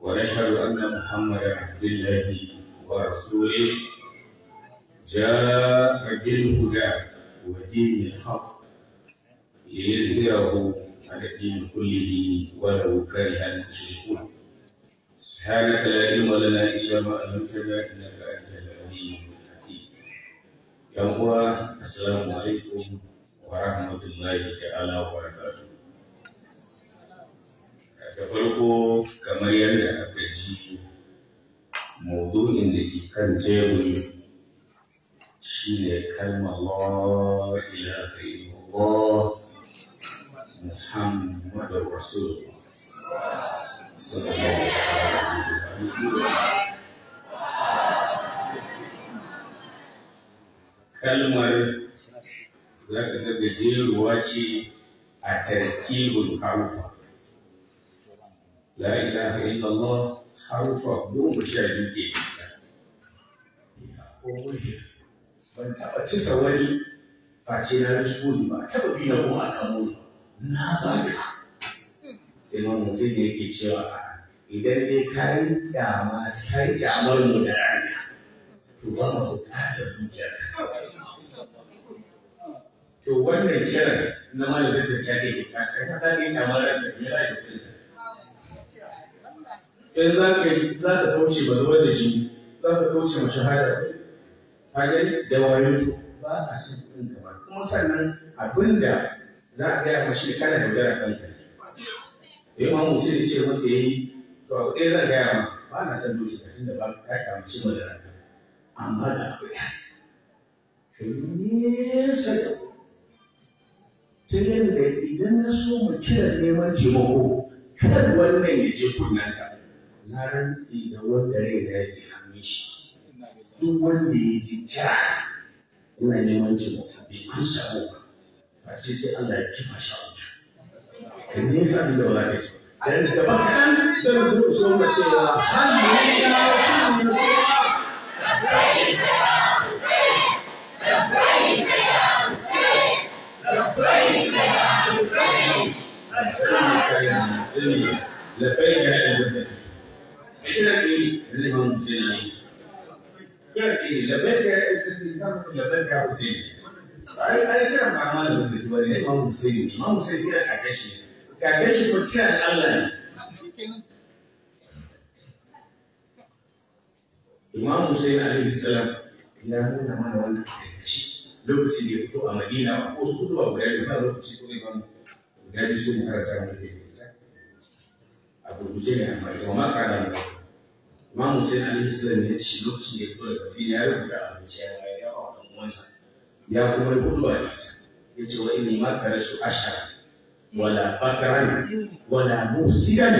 ونشهد أن محمدا عبد الله ورسوله جاء بالهدى ودين الحق ليظهره على الدين كله ولو كره المشركون سبحانك لا علم لنا إلا ما علمتنا إنك أنت العليم الحكيم يا السلام عليكم ورحمة الله تعالى وبركاته farko kamar yadda aka ji maudu'in da ke kan tebur, shi ne kalmar la ilaha illallah muhammadu rasulullah sallallahu kalmar za ka ga gajeruwa ce a tarkibul harufa la ilaha illallah harufa goma sha biyu ke ban taɓa tisa wani face na rasuli ba taɓa bi na goma a kan na ba ka imam musulun yake cewa idan dai ka yi kyama ka yi kyamar mu da rana to ba mu buƙatar dukiyar to wannan kiran na mana zai zai ta ke buƙatar ka ta ke kyamar da ya rayu kai eh, za ka za ka kauce ba zubar da jini za ka kauce ma shahada a gani da wayo su ba a san ɗin gaba kuma sannan abin da za a gaya ka shi kana gara kanka ya ma musu ne ce masa yayi to abu ɗaya zan gaya ma ba na san doki ka tunda ba ka kama shi ma da ranka amma da akwai ɗaya ka ne nesa ka ta yadda idan na so mu kiran neman taimako kan wannan ya je kunnanka na rantsi da wanda rai da ya ke hannun shi duk wanda ya ji kira yana neman taimako bai kun samu ba face sai Allah ya kifa shi a wuta ka nisa da wala da shi dan da bakan da mutum su wanda cewa hannun ya su ne sai لبيك يا المسلم إلا مين؟ اللي هو سيدنا عيسى. يعني لا باكي لا باكي حسين. أي كلام مع مالك الزيتواني اللي هو مسلم، ما مسلم كده كاكاشي. كاكاشي كنت فيها الله. Imam Hussein alaihi salam ya nuna mana wannan shi lokacin da ya fito a Madina a ko su zuwa guda biyu ba lokaci ko imam guda biyu sun karanta mana da a gurguje ne amma ita ma kana imam hussein alaihi salam ya ce lokacin da ya kula da ya rubuta abinci ya bayar ya ba dan uwansa ya kuma yi hudu a ita ya ce wa inni ma karasu ashara wala bakaran wala musidan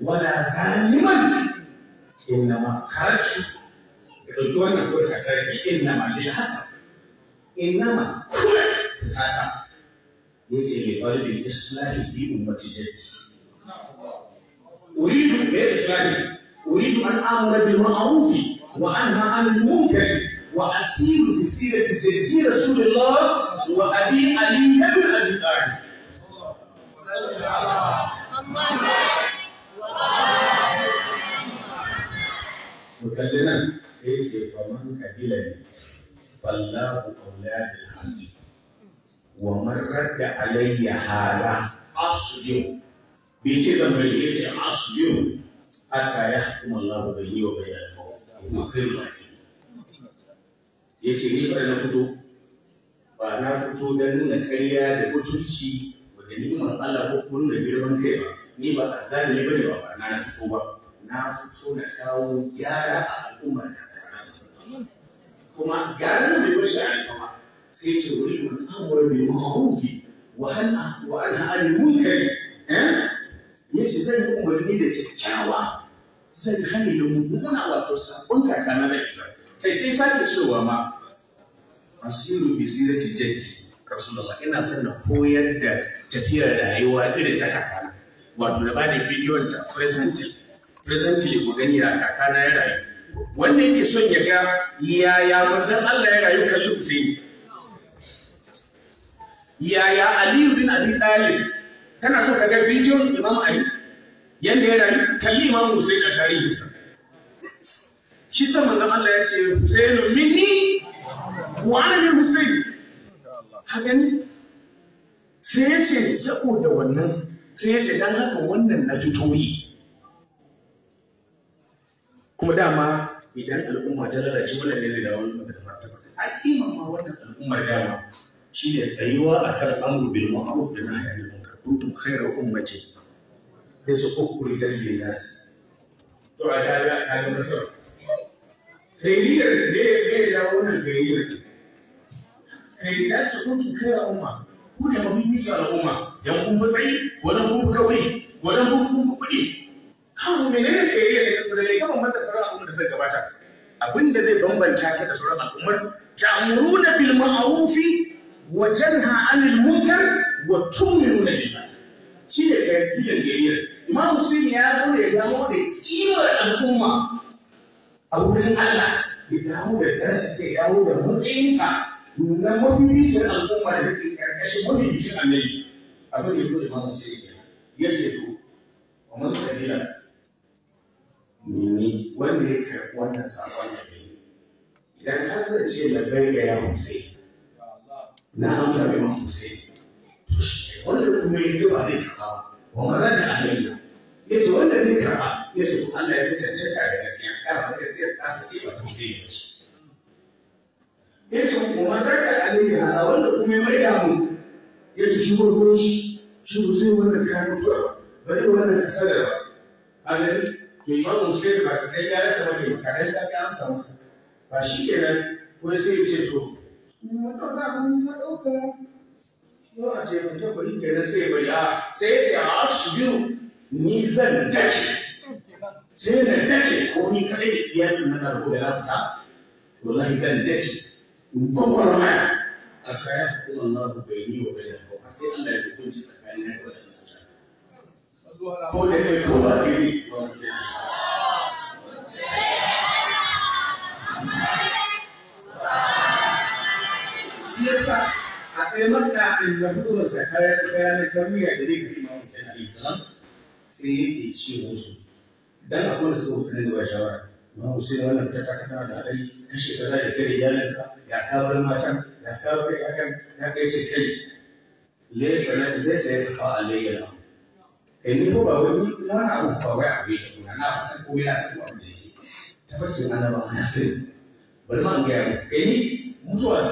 wala zaliman inna ma karshe. Ya ɗauki wannan da kasar sarki inna ma lil hasa inna ma kula tata ya ce mai ɗalibin islami fi umarci jaddi uridu bi islami اريد ان امر بالمعروف وانهى عن المنكر واسير بسيره جدي رسول الله وابي علي بن ابي طالب. وكلنا كيف فمن كبلني فالله اولاد الحق ومن رد علي هذا اصبر بيتي زمرتي اصبر hatta ya hukuma Allah bai yi wa bai da kuma kai ba ya ce ni bari na fito ba na fito don nuna karya da mutunci wanda neman Allah ko kuma nuna girman kai ba ni ba azzalimi bane ba ba na fito ba na fito na kawo gyara a al'ummar da kuma gyaran bai wuce a ba sai ce wuri mun amur bai ma'arufi wa hal wa an ha'al munkari eh yace zan yi umarni da kyakkyawa zai hanyar da mummuna wato sabon kaka na da kai sai sake cewa ma asiru bi sirati jaddi rasulullah ina son na koyar da tafiyar rayuwa irin ta kakana wato da bada bidiyon ta presently presently ku gani ya kakana ya rayu wanda yake son ya ga yaya manzon Allah ya rayu kalli Hussein yaya Aliyu bin Abi Talib kana so ka ga bidiyon Imam Ali yadda ya rayu ma imamu Hussein a tarihinsa shi sa manzon Allah ya ce Husainu minni wa ana min Husain ha gani sai ya ce saboda wannan sai ya ce dan haka wannan na fito yi kuma dama idan al'umma ta lalace wannan ne zai dawo da martaba a kiman ma wannan al'ummar dama ne tsayuwa a amru bil ma'ruf da nahyi anil munkar kuntum khayra ummatin sai su kukkurtar da nasi to a da da ta ga mutum kairiyar ne ne ya wannan kairiyar kairiyar su kuntu kai umma ku ne muhimmin su al'umma yan kun matsayi wani kun kauri wani kun kun kuɗi kan menene kairiyar ne ka tsare kan mata tsara abin da zai gabata abin da zai bambanta ka da sauran al'ummar ta'muruna bil ma'rufi wa tanha 'anil munkar wa tu'minuna billah shine kairiyar kairiyar ma musulmi ya zo da ya dawo da kimar al'umma a wurin Allah ya dawo da daraja ya dawo da matsayinsa na mafificin al'umma da yake karkashin mafificin annabi abin da ya zo da ma musulmi ya ce to a man sabila wanda ya karɓi wannan saƙon da ni idan har da ce labbai ga ya Hussein na amsa mai ma Hussein to shi wanda kuma ya ga ba zai karɓa wa marar da alayya ya ce wanda zai karɓa ya ce to Allah ya fi cancanta da gaskiya ya ba gaskiya ta sa ce ba to zai yi ci ya ce ma da ka alayhi za wanda kuma ya maida mu ya ce shi ko shi shi ko zai wannan kayan mutuwa ba zai wannan kasada ba a nan to imamu sai ba su kai ya rasa mace ba kaɗan ta ka amsa masa ba shi kenan ko sai ya ce to ni wannan ba mun na ɗauka yau a ce ba ta bari kenan sai ya bari a sai ya ce a shi biyu ni zan dace sai na dace ko ni kadai da iyali na karbo da rafta wallahi zan dace in kokoro na a kaya hukumar na ku bai ni wa bai da kowa sai Allah ya hukunci tsakanin na da su ko da kai ko ba yi. ba sai shi yasa a kai maka in da hukumar sakaya da kayan da ta wuya da zai kai imamu sai alaihi salam sai ya ce musu dan akwai da suka fitinin da ba shawara imamu sai wannan ta taka tana da hadari kashe kaza da kai iyalinka ya kawar matan ya kawar yakan ya kai ce kai laysa laysa ya tafa alayya kai ni ko ba wani wani abu ba wai abu ya kuma na san ko yana san abu da yake tabbaci na ba na sai bari ma ga yaro kai ni mutuwa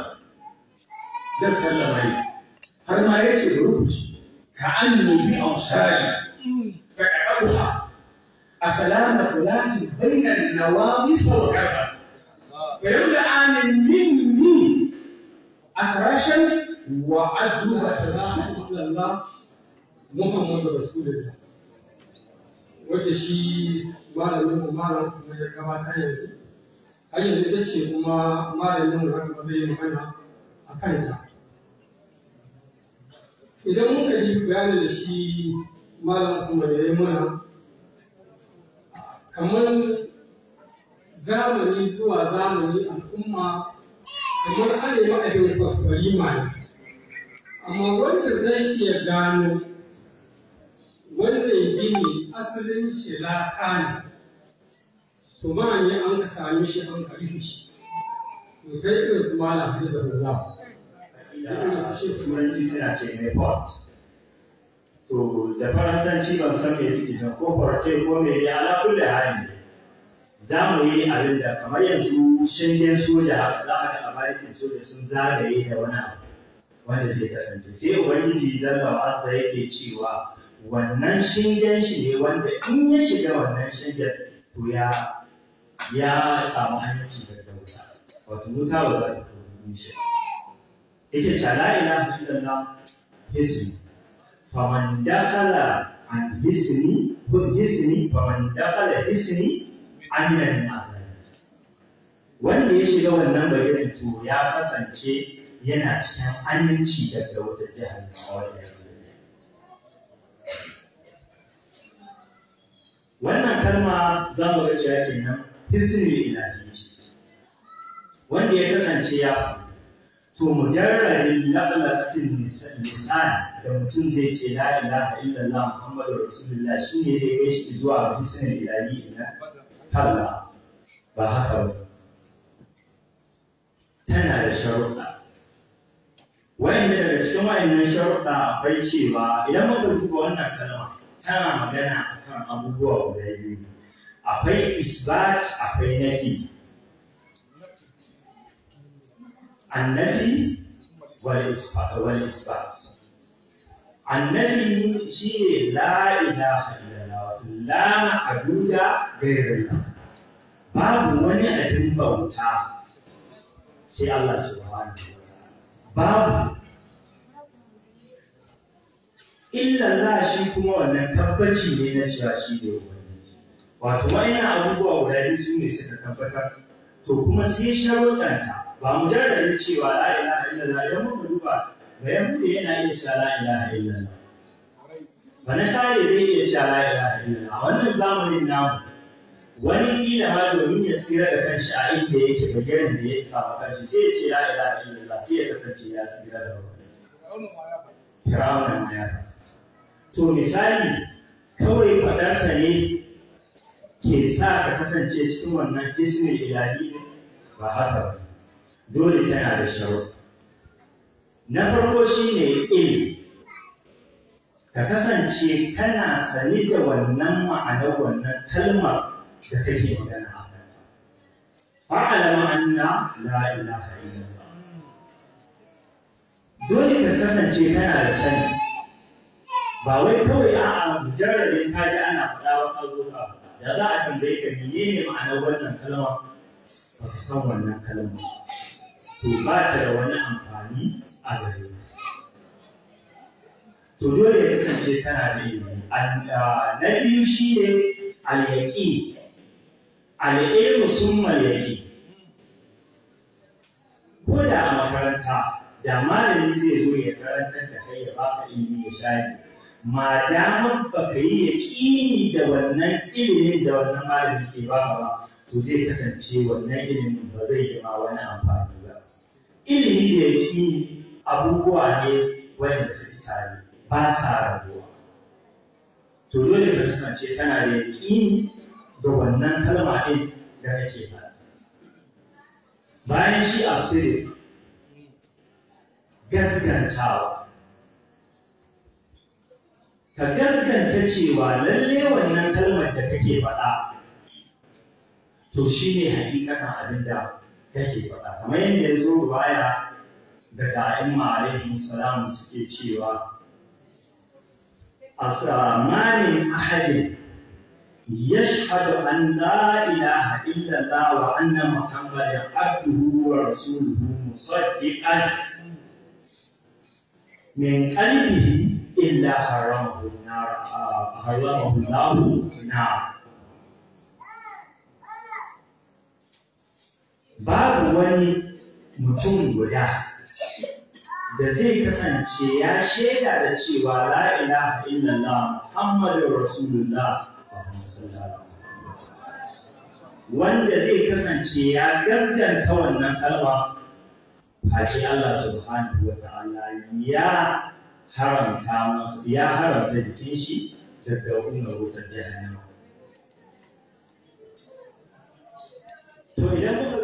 zan sallama ni har ma yace rubuci ka annu bi ausali أسلام فلان بين النواقص والكرم فيبدأ عن مني أترشا وأجوبة الله الله محمد رسول الله wanda shi malamin mu malam kuma ya gabata yanzu ce kuma malamin mu haka zai yi magana a kanta idan muka yi bayanin da shi malam kuma ya yi mana kamar zamani zuwa zamani al'umma kamar arewa a yau kwasfari ne amma wanda zai iya gano wannan gini asalin shi laka ne su ma ne an ka sami shi an rufe shi to sai irin su malam da zama za su shi kuma yi suna ce mai port to da faransanci ban san me suke kan ko farce ko me ne ala kulli hali za mu yi abin da kamar yanzu shingen soja za a ga amarikin soja sun zagaye da wani abu wanda zai kasance sai ubangiji zallawa sa yake cewa wannan shingen shi ne wanda in ya shiga wannan shingen to ya ya samu da daga wuta wato wuta ba za ta kuma shi ita ce la da na hisbi faman dakhala an hisni ko hisni faman dakhala hisni aminan azali wanda ya shiga wannan bayanin to ya kasance yana cikin aminci daga wata jihar wanda wannan kalma za mu ga cewa kenan hisni ina wanda ya kasance ya to mujarradin lafalatin misali da mutum zai ce la ilaha illallah muhammadu rasulullah shi ne zai kai shi zuwa ga hisnin ilahi ina kalla ba haka ba tana da sharuɗa wayanda daga cikin wayannan sharuɗa akwai cewa idan muka duba wannan kalma tana magana akan abubuwa guda biyu akwai isbat akwai nafi annafi wal isbat annabi shi ne la ilaha wato la ma'aduda gairullah babu wani abin bauta sai Allah subhanahu babu illallah shi kuma wannan tabbaci ne na cewa shi ne wato wa'annan abubuwa guda biyu su ne suka tabbatar to kuma sai sharuɗanta ba mu jaddada cewa la’ila ilaha illallah muka duba bayan da yana iya sha la ilaha illallah wani sare zai iya sha la ilaha illallah a wannan zamanin namu wani kila ma domin ya tsira da kan shi a inda yake da girin da ya kama kanshi sai ya ce la ilaha illallah sai ya kasance ya tsira da wani firawunan ma ya to misali kawai faɗarta ne ke sa ka kasance cikin wannan ismin ilahi ba haka ba dole tana da shawarar na farko shine ilimi ka kasance kana sani da wannan ma'anar wannan kalmar da kake magana a kanta fa'alama anna la ilaha dole ka kasance kana da sani ba wai kawai a'a mujarradin ka ji ana faɗa ba ka zo ka da za a tambaye ka menene ma'anar wannan kalmar ba ka san wannan kalma to ba ta da wani amfani a gare mu to dole ya kasance tana da ilimi na biyu shi ne alyaƙi. yaqi sun ilmu ko da a makaranta da malami zai zo ya karantar da kai ya baka ilimi ya shayi ma damar ba ka yi ya ƙini da wannan ilimin da wannan malami ke ba ba to zai kasance wannan ilimin ba zai yi ma wani amfani ilimi da yaƙini abubuwa ne wanda suke tare ba sa rabuwa to dole ka kasance kana da yaƙini da wannan kalma ɗin da kake faɗa bayan shi asiri gaskantawa ka gaskanta cewa lalle wannan kalmar da kake faɗa to shine hakikatan abin da take faɗa kamar yadda ya waya riwaya da ka'in ma'arihi suke cewa a tsamanin ahadin ya shahadu an la'ila haɗilla lawa an na makambarin abduhu wa rasuluhu musaddiqan min qalbihi illa haramahu na haramahu lahu na'am babu wani mutum guda da zai kasance ya shaida da cewa la ilaha illallah muhammadur rasulullah wanda zai kasance ya gaskanta wannan kalma face Allah subhanahu wa ta'ala ya haramta masa ya haramta jikin shi daga wannan wutar jahannama to idan muka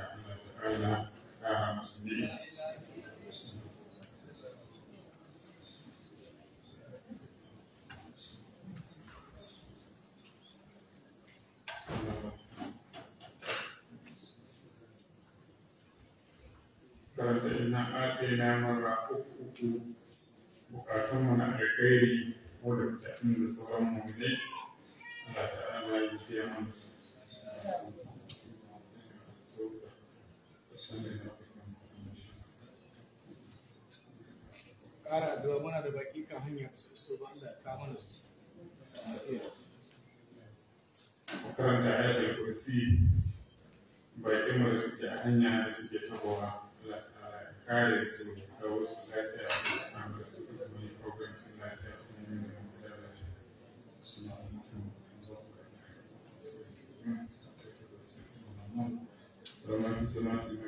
kaya kaya sendiri. Karena ada nama rakuku, bukan cuma nak rekayi, boleh tak mungkin seorang mungkin ada lagi yang mungkin. ƙara da muna da baƙi kan hanya su so ba Allah ka mana su makaranta ya da kursi baƙi mara suke a hanya da suke tabowa kare su da wasu lafiya da samun da su da wani program su lafiya da yin da da lafiya suna da mutum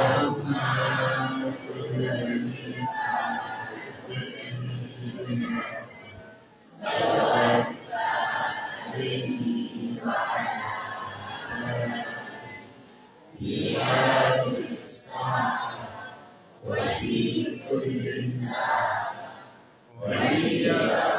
Maria.